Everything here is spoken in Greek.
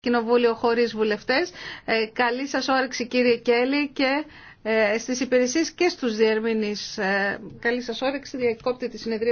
κοινοβούλιο χωρίς βουλευτές. Ε, καλή σας όρεξη κύριε Κέλλη και ε, στις υπηρεσίες και στους διερμηνείς. Ε, καλή σας όρεξη, διακόπτη τη συνεδρία.